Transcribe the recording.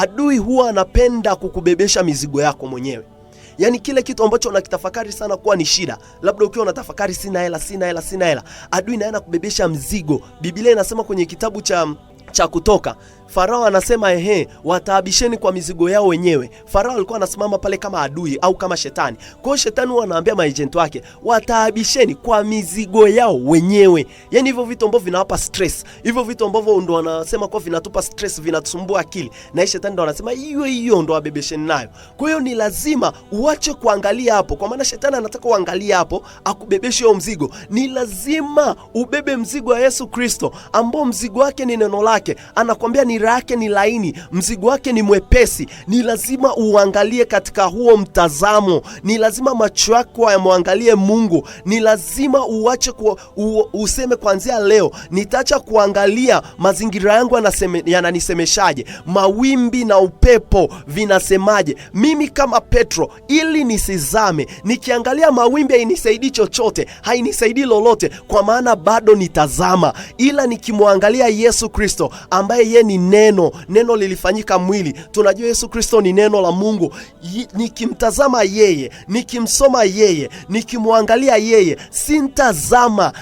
adui huwa anapenda kukubebesha mizigo yako mwenyewe. Yaani kile kitu ambacho unakitafakari sana kuwa ni shida, labda ukiwa unatafakari sina hela, sina hela, sina hela, adui naye anakubebesha mzigo. Biblia inasema kwenye kitabu cha cha kutoka. Farao anasema ehe, wataabisheni kwa mizigo yao wenyewe. Farao alikuwa anasimama pale kama adui au kama shetani. Kwa hiyo shetani huwa anaambia maejenti wake wataabisheni kwa mizigo yao wenyewe, yaani hivyo vitu ambavyo vinawapa stress, hivyo vitu ambavyo ndo wanasema kwa vinatupa stress, vinatusumbua akili, na hii shetani ndo anasema hiyo hiyo ndo wabebesheni nayo. Kwa hiyo ni lazima uache kuangalia hapo, kwa maana shetani anataka uangalie hapo, akubebeshe huo mzigo. Ni lazima ubebe mzigo wa Yesu Kristo, ambao mzigo wake ni neno lake wake, anakwambia nira yake ni laini, mzigo wake ni mwepesi. Ni lazima uangalie katika huo mtazamo, ni lazima macho yako yamwangalie Mungu, ni lazima uache kwa, u, useme kuanzia leo nitaacha kuangalia mazingira yangu yananisemeshaje, mawimbi na upepo vinasemaje. Mimi kama Petro ili nisizame, nikiangalia mawimbi hainisaidii chochote, hainisaidii lolote, kwa maana bado nitazama, ila nikimwangalia Yesu Kristo ambaye ye ni neno, neno lilifanyika mwili. Tunajua Yesu Kristo ni neno la Mungu. Nikimtazama yeye, nikimsoma yeye, nikimwangalia yeye, sintazama